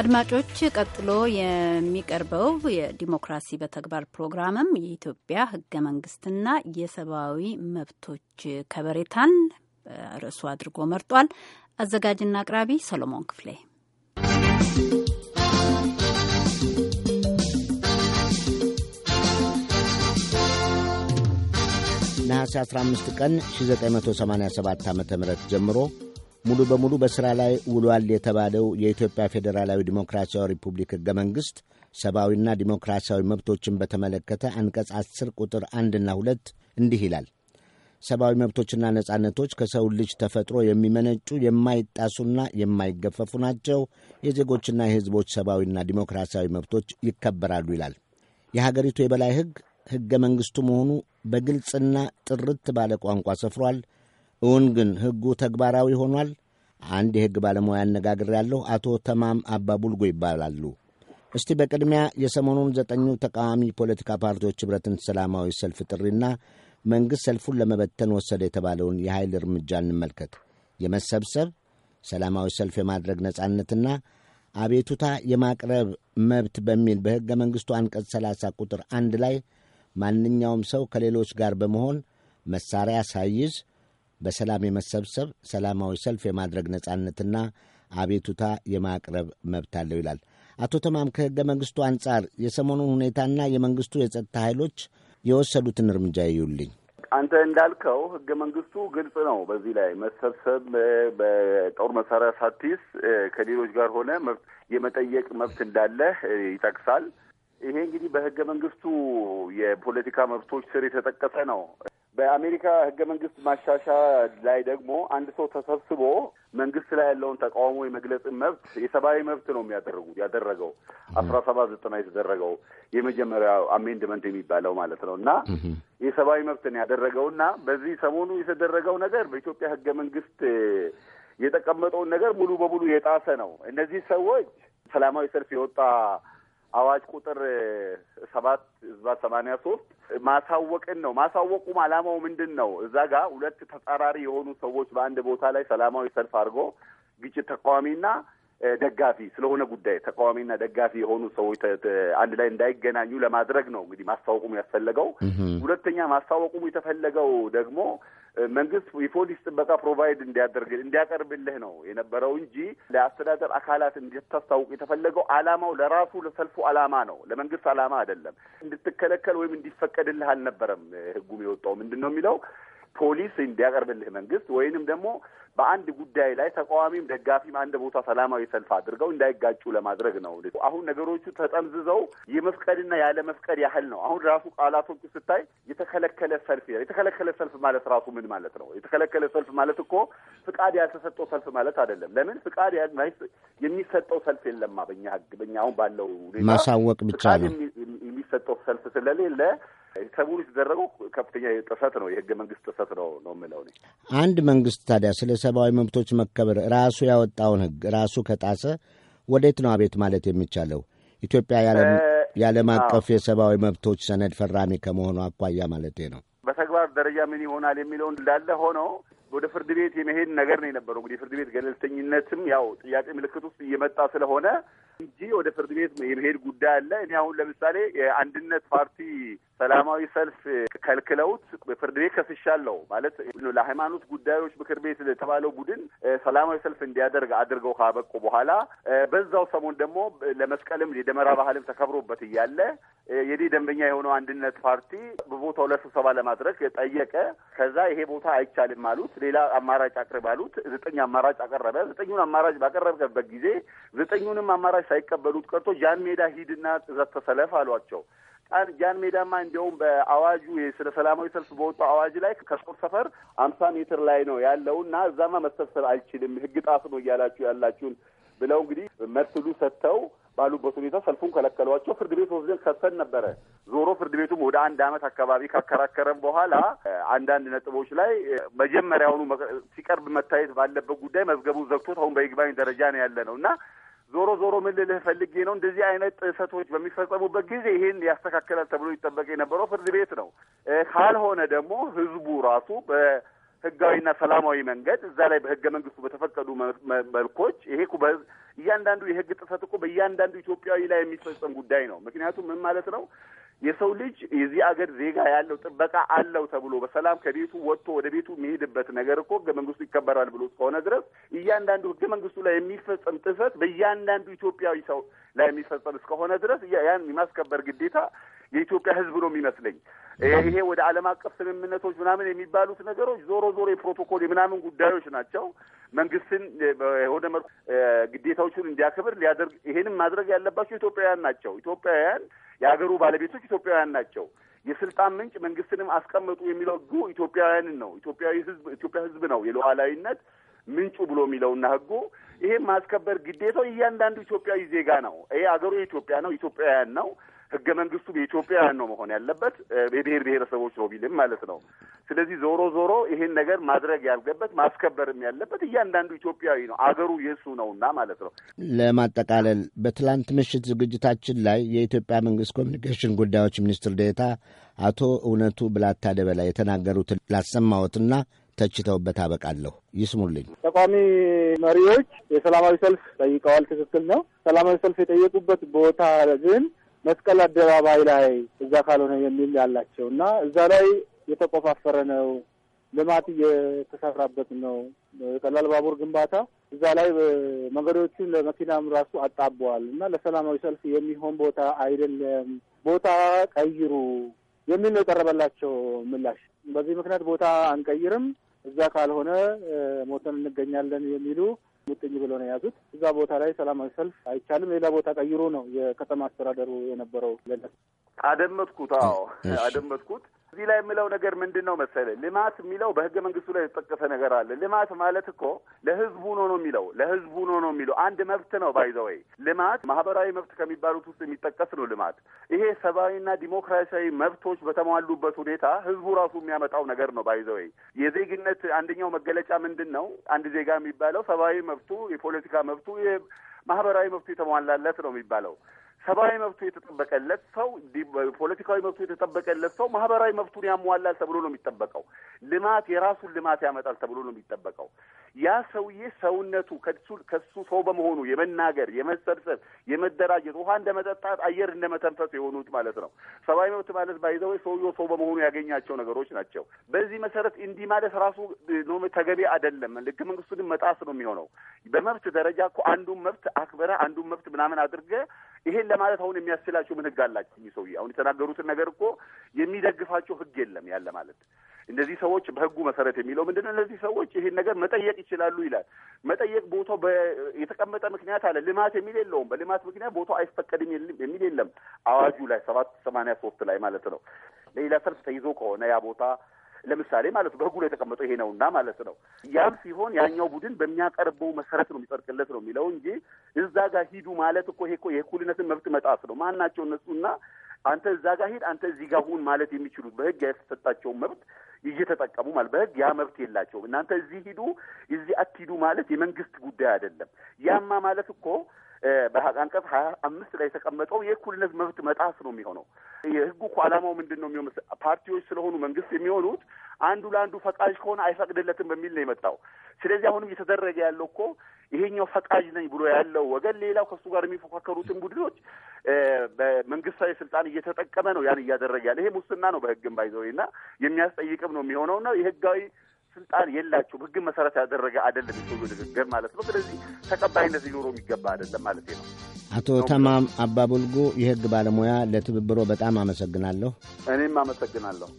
አድማጮች ቀጥሎ የሚቀርበው የዲሞክራሲ በተግባር ፕሮግራምም የኢትዮጵያ ህገ መንግስትና የሰብአዊ መብቶች ከበሬታን ርዕሱ አድርጎ መርጧል። አዘጋጅና አቅራቢ ሰሎሞን ክፍሌ። ነሐሴ 15 ቀን 1987 ዓ ም ጀምሮ ሙሉ በሙሉ በሥራ ላይ ውሏል የተባለው የኢትዮጵያ ፌዴራላዊ ዲሞክራሲያዊ ሪፑብሊክ ሕገ መንግሥት ሰብአዊና ዲሞክራሲያዊ መብቶችን በተመለከተ አንቀጽ 10 ቁጥር አንድና ሁለት እንዲህ ይላል። ሰብአዊ መብቶችና ነጻነቶች ከሰው ልጅ ተፈጥሮ የሚመነጩ የማይጣሱና የማይገፈፉ ናቸው። የዜጎችና የሕዝቦች ሰብአዊና ዲሞክራሲያዊ መብቶች ይከበራሉ ይላል። የሀገሪቱ የበላይ ሕግ ሕገ መንግሥቱ መሆኑ በግልጽና ጥርት ባለ ቋንቋ ሰፍሯል። እውን ግን ሕጉ ተግባራዊ ሆኗል? አንድ የሕግ ባለሙያ አነጋግሬያለሁ። አቶ ተማም አባቡልጎ ይባላሉ። እስቲ በቅድሚያ የሰሞኑን ዘጠኙ ተቃዋሚ ፖለቲካ ፓርቲዎች ኅብረትን ሰላማዊ ሰልፍ ጥሪና መንግሥት ሰልፉን ለመበተን ወሰደ የተባለውን የኃይል እርምጃ እንመልከት። የመሰብሰብ ሰላማዊ ሰልፍ የማድረግ ነጻነትና አቤቱታ የማቅረብ መብት በሚል በሕገ መንግሥቱ አንቀጽ 30 ቁጥር አንድ ላይ ማንኛውም ሰው ከሌሎች ጋር በመሆን መሳሪያ ሳይዝ በሰላም የመሰብሰብ ሰላማዊ ሰልፍ የማድረግ ነጻነትና አቤቱታ የማቅረብ መብት አለው ይላል። አቶ ተማም ከሕገ መንግሥቱ አንጻር የሰሞኑን ሁኔታና የመንግሥቱ የጸጥታ ኃይሎች የወሰዱትን እርምጃ ይዩልኝ። አንተ እንዳልከው ሕገ መንግሥቱ ግልጽ ነው። በዚህ ላይ መሰብሰብ በጦር መሳሪያ ሳትይዝ ከሌሎች ጋር ሆነ የመጠየቅ መብት እንዳለ ይጠቅሳል። ይሄ እንግዲህ በሕገ መንግሥቱ የፖለቲካ መብቶች ስር የተጠቀሰ ነው። በአሜሪካ ህገ መንግስት ማሻሻ ላይ ደግሞ አንድ ሰው ተሰብስቦ መንግስት ላይ ያለውን ተቃውሞ የመግለጽን መብት የሰብአዊ መብት ነው የሚያደርጉት ያደረገው አስራ ሰባት ዘጠና የተደረገው የመጀመሪያው አሜንድመንት የሚባለው ማለት ነው እና የሰብአዊ መብትን ያደረገው እና በዚህ ሰሞኑ የተደረገው ነገር በኢትዮጵያ ህገ መንግስት የተቀመጠውን ነገር ሙሉ በሙሉ የጣሰ ነው። እነዚህ ሰዎች ሰላማዊ ሰልፍ የወጣ አዋጅ ቁጥር ሰባት ህዝባት ሰማንያ ሶስት ማሳወቅን ነው። ማሳወቁም አላማው ምንድን ነው? እዛ ጋ ሁለት ተጻራሪ የሆኑ ሰዎች በአንድ ቦታ ላይ ሰላማዊ ሰልፍ አድርጎ ግጭት ተቃዋሚና ደጋፊ ስለሆነ ጉዳይ ተቃዋሚና ደጋፊ የሆኑ ሰዎች አንድ ላይ እንዳይገናኙ ለማድረግ ነው። እንግዲህ ማስታወቁም ያስፈለገው። ሁለተኛ ማስታወቁም የተፈለገው ደግሞ መንግስት የፖሊስ ጥበቃ ፕሮቫይድ እንዲያደርግ እንዲያቀርብልህ ነው የነበረው እንጂ ለአስተዳደር አካላት እንድታስታውቅ የተፈለገው አላማው ለራሱ ለሰልፉ አላማ ነው፣ ለመንግስት ዓላማ አይደለም። እንድትከለከል ወይም እንዲፈቀድልህ አልነበረም። ህጉም የወጣው ምንድን ነው የሚለው ፖሊስ እንዲያቀርብልህ መንግስት ወይንም ደግሞ በአንድ ጉዳይ ላይ ተቃዋሚም ደጋፊም አንድ ቦታ ሰላማዊ ሰልፍ አድርገው እንዳይጋጩ ለማድረግ ነው። አሁን ነገሮቹ ተጠምዝዘው የመፍቀድና ያለ መፍቀድ ያህል ነው። አሁን ራሱ ቃላቶቹ ስታይ የተከለከለ ሰልፍ የተከለከለ ሰልፍ ማለት ራሱ ምን ማለት ነው? የተከለከለ ሰልፍ ማለት እኮ ፍቃድ ያልተሰጠው ሰልፍ ማለት አይደለም። ለምን ፍቃድ የሚሰጠው ሰልፍ የለማ በኛ ህግ በኛ አሁን ባለው ሁኔታ ማሳወቅ ብቻ ነው የሚሰጠው ሰልፍ ስለሌለ ተግባሩ የተደረገው ከፍተኛ ጥሰት ነው፣ የህገ መንግስት ጥሰት ነው ነው የምለው እኔ። አንድ መንግስት ታዲያ ስለ ሰብአዊ መብቶች መከበር ራሱ ያወጣውን ህግ ራሱ ከጣሰ ወዴት ነው አቤት ማለት የሚቻለው? ኢትዮጵያ የዓለም አቀፍ የሰብአዊ መብቶች ሰነድ ፈራሚ ከመሆኑ አኳያ ማለት ነው። በተግባር ደረጃ ምን ይሆናል የሚለው እንዳለ ሆኖ ወደ ፍርድ ቤት የመሄድ ነገር ነው የነበረው። እንግዲህ ፍርድ ቤት ገለልተኝነትም ያው ጥያቄ ምልክት ውስጥ እየመጣ ስለሆነ እንጂ ወደ ፍርድ ቤት የመሄድ ጉዳይ አለ። እኔ አሁን ለምሳሌ የአንድነት ፓርቲ ሰላማዊ ሰልፍ ከልክለውት በፍርድ ቤት ከስሻለሁ ማለት ለሃይማኖት ጉዳዮች ምክር ቤት የተባለው ቡድን ሰላማዊ ሰልፍ እንዲያደርግ አድርገው ካበቁ በኋላ በዛው ሰሞን ደግሞ ለመስቀልም የደመራ ባህልም ተከብሮበት እያለ የኔ ደንበኛ የሆነው አንድነት ፓርቲ በቦታው ለስብሰባ ለማድረግ ጠየቀ። ከዛ ይሄ ቦታ አይቻልም አሉት። ሌላ አማራጭ አቅርብ አሉት። ዘጠኝ አማራጭ አቀረበ። ዘጠኙን አማራጭ ባቀረብከበት ጊዜ ዘጠኙንም አማራጭ ሳይቀበሉት ቀርቶ ጃን ሜዳ ሂድና ጥዘት ተሰለፍ አሏቸው። ጃን ሜዳማ እንዲያውም በአዋጁ ስለ ሰላማዊ ሰልፍ በወጣው አዋጅ ላይ ከጦር ሰፈር አምሳ ሜትር ላይ ነው ያለው እና እዛማ መሰብሰብ አይችልም ህግ ጣስ ነው እያላችሁ ያላችሁን ብለው እንግዲህ መትሉ ሰጥተው ባሉበት ሁኔታ ሰልፉን ከለከሏቸው። ፍርድ ቤት ወስደን ከሰን ነበረ። ዞሮ ፍርድ ቤቱም ወደ አንድ አመት አካባቢ ካከራከረም በኋላ አንዳንድ ነጥቦች ላይ መጀመሪያውኑ ሲቀርብ መታየት ባለበት ጉዳይ መዝገቡ ዘግቶት አሁን በይግባኝ ደረጃ ነው ያለ ነው እና ዞሮ ዞሮ ምን ልልህ ፈልጌ ነው እንደዚህ አይነት ጥሰቶች በሚፈጸሙበት ጊዜ ይህን ያስተካክላል ተብሎ ይጠበቅ የነበረው ፍርድ ቤት ነው። ካልሆነ ደግሞ ህዝቡ ራሱ በህጋዊና ሰላማዊ መንገድ እዛ ላይ በህገ መንግስቱ በተፈቀዱ መልኮች ይሄ እያንዳንዱ የህግ ጥሰት እኮ በእያንዳንዱ ኢትዮጵያዊ ላይ የሚፈጸም ጉዳይ ነው። ምክንያቱም ምን ማለት ነው የሰው ልጅ የዚህ አገር ዜጋ ያለው ጥበቃ አለው ተብሎ በሰላም ከቤቱ ወጥቶ ወደ ቤቱ የሚሄድበት ነገር እኮ ህገ መንግስቱ ይከበራል ብሎ እስከሆነ ድረስ እያንዳንዱ ህገ መንግስቱ ላይ የሚፈጸም ጥሰት በእያንዳንዱ ኢትዮጵያዊ ሰው ላይ የሚፈጸም እስከሆነ ድረስ ያን የማስከበር ግዴታ የኢትዮጵያ ህዝብ ነው የሚመስለኝ። ይሄ ወደ ዓለም አቀፍ ስምምነቶች ምናምን የሚባሉት ነገሮች ዞሮ ዞሮ የፕሮቶኮል የምናምን ጉዳዮች ናቸው። መንግስትን የሆነ መልኩ ግዴታዎቹን እንዲያከብር ሊያደርግ ይሄንም ማድረግ ያለባቸው ኢትዮጵያውያን ናቸው። ኢትዮጵያውያን የሀገሩ ባለቤቶች ኢትዮጵያውያን ናቸው። የስልጣን ምንጭ መንግስትንም አስቀመጡ የሚለው ህጉ ኢትዮጵያውያንን ነው። ኢትዮጵያዊ ህዝብ ኢትዮጵያ ህዝብ ነው የሉዓላዊነት ምንጩ ብሎ የሚለውና ህጉ ይሄ ማስከበር ግዴታው እያንዳንዱ ኢትዮጵያዊ ዜጋ ነው። ይሄ አገሩ የኢትዮጵያ ነው፣ ኢትዮጵያውያን ነው። ህገ መንግስቱ በኢትዮጵያውያን ነው መሆን ያለበት፣ የብሔር ብሔረሰቦች ነው ቢልም ማለት ነው። ስለዚህ ዞሮ ዞሮ ይሄን ነገር ማድረግ ያለበት ማስከበርም ያለበት እያንዳንዱ ኢትዮጵያዊ ነው፣ አገሩ የሱ ነውና ማለት ነው። ለማጠቃለል በትላንት ምሽት ዝግጅታችን ላይ የኢትዮጵያ መንግስት ኮሚኒኬሽን ጉዳዮች ሚኒስትር ዴታ አቶ እውነቱ ብላታ ደበላ የተናገሩትን ላሰማዎትና ተችተውበት አበቃለሁ። ይስሙልኝ። ተቃዋሚ መሪዎች የሰላማዊ ሰልፍ ጠይቀዋል። ትክክል ነው። ሰላማዊ ሰልፍ የጠየቁበት ቦታ ግን መስቀል አደባባይ ላይ እዛ ካልሆነ የሚል ያላቸው እና እዛ ላይ የተቆፋፈረ ነው፣ ልማት እየተሰራበት ነው። ቀላል ባቡር ግንባታ እዛ ላይ መንገዶቹን ለመኪናም ራሱ አጣበዋል እና ለሰላማዊ ሰልፍ የሚሆን ቦታ አይደለም፣ ቦታ ቀይሩ የሚል ነው የቀረበላቸው ምላሽ። በዚህ ምክንያት ቦታ አንቀይርም፣ እዛ ካልሆነ ሞተን እንገኛለን የሚሉ ሙጥኝ ብለው ነው የያዙት። እዛ ቦታ ላይ ሰላማዊ ሰልፍ አይቻልም። ሌላ ቦታ ቀይሮ ነው የከተማ አስተዳደሩ የነበረው። አደመጥኩት። አዎ አደመጥኩት። እዚህ ላይ የምለው ነገር ምንድን ነው መሰለ፣ ልማት የሚለው በህገ መንግስቱ ላይ የተጠቀሰ ነገር አለ። ልማት ማለት እኮ ለህዝቡ ነው ነው የሚለው ለህዝቡ ነው ነው የሚለው አንድ መብት ነው ባይዘወይ ልማት ማህበራዊ መብት ከሚባሉት ውስጥ የሚጠቀስ ነው። ልማት ይሄ ሰብአዊና ዲሞክራሲያዊ መብቶች በተሟሉበት ሁኔታ ህዝቡ ራሱ የሚያመጣው ነገር ነው ባይዘወይ የዜግነት አንደኛው መገለጫ ምንድን ነው? አንድ ዜጋ የሚባለው ሰብአዊ መብቱ፣ የፖለቲካ መብቱ፣ ማህበራዊ መብቱ የተሟላለት ነው የሚባለው ሰብአዊ መብቱ የተጠበቀለት ሰው፣ ፖለቲካዊ መብቱ የተጠበቀለት ሰው ማህበራዊ መብቱን ያሟላል ተብሎ ነው የሚጠበቀው። ልማት የራሱን ልማት ያመጣል ተብሎ ነው የሚጠበቀው። ያ ሰውዬ ሰውነቱ ከሱ ከሱ ሰው በመሆኑ የመናገር፣ የመሰብሰብ፣ የመደራጀት ውሃ እንደ መጠጣት አየር እንደ መተንፈስ የሆኑት ማለት ነው። ሰብአዊ መብት ማለት ባይዘው ሰውየ ሰው በመሆኑ ያገኛቸው ነገሮች ናቸው። በዚህ መሰረት እንዲህ ማለት ራሱ ተገቢ አይደለም። ህገ መንግስቱንም መጣስ ነው የሚሆነው። በመብት ደረጃ እኮ አንዱን መብት አክብረ አንዱን መብት ምናምን አድርገ ይሄን ለማለት አሁን የሚያስችላቸው ምን ህግ አላቸው? ሰውዬ አሁን የተናገሩትን ነገር እኮ የሚደግፋቸው ህግ የለም ያለ ማለት እነዚህ ሰዎች በህጉ መሰረት የሚለው ምንድን ነው? እነዚህ ሰዎች ይህን ነገር መጠየቅ ይችላሉ ይላል። መጠየቅ ቦታው የተቀመጠ ምክንያት አለ። ልማት የሚል የለውም። በልማት ምክንያት ቦታው አይፈቀድም የሚል የለም። አዋጁ ላይ ሰባት ሰማንያ ሶስት ላይ ማለት ነው። ሌላ ሰልፍ ተይዞ ከሆነ ያ ቦታ ለምሳሌ ማለት በህጉ ላይ የተቀመጠው ይሄ ነውና ማለት ነው። ያም ሲሆን ያኛው ቡድን በሚያቀርበው መሰረት ነው የሚጠርቅለት ነው የሚለው እንጂ እዛ ጋር ሂዱ ማለት እኮ ይሄ እኮ የእኩልነትን መብት መጣስ ነው። ማን ናቸው እነሱና አንተ እዛ ጋር ሂድ፣ አንተ እዚህ ጋር ሁን ማለት የሚችሉት በህግ የተሰጣቸውን መብት እየተጠቀሙ ማለት በህግ ያ መብት የላቸውም። እናንተ እዚህ ሂዱ፣ እዚህ አትሂዱ ማለት የመንግስት ጉዳይ አይደለም። ያማ ማለት እኮ በአንቀጽ ሀያ አምስት ላይ የተቀመጠው የእኩልነት መብት መጣስ ነው የሚሆነው። የህጉ እኮ አላማው ምንድን ነው የሚሆ ፓርቲዎች ስለሆኑ መንግስት የሚሆኑት አንዱ ለአንዱ ፈቃጅ ከሆነ አይፈቅድለትም በሚል ነው የመጣው። ስለዚህ አሁንም እየተደረገ ያለው እኮ ይሄኛው ፈቃጅ ነኝ ብሎ ያለው ወገን ሌላው ከሱ ጋር የሚፎካከሩትን ቡድኖች በመንግስታዊ ስልጣን እየተጠቀመ ነው ያን እያደረገ ያለ። ይሄ ሙስና ነው በህግም ባይዘወይ እና የሚያስጠይቅም ነው የሚሆነው የሚሆነውና የህጋዊ ስልጣን የላቸው ህግን መሰረት ያደረገ አይደለም የሰውየው ንግግር ማለት ነው። ስለዚህ ተቀባይነት ሊኖሮ የሚገባ አይደለም ማለት ነው። አቶ ተማም አባቡልጉ የህግ ባለሙያ፣ ለትብብሮ በጣም አመሰግናለሁ። እኔም አመሰግናለሁ።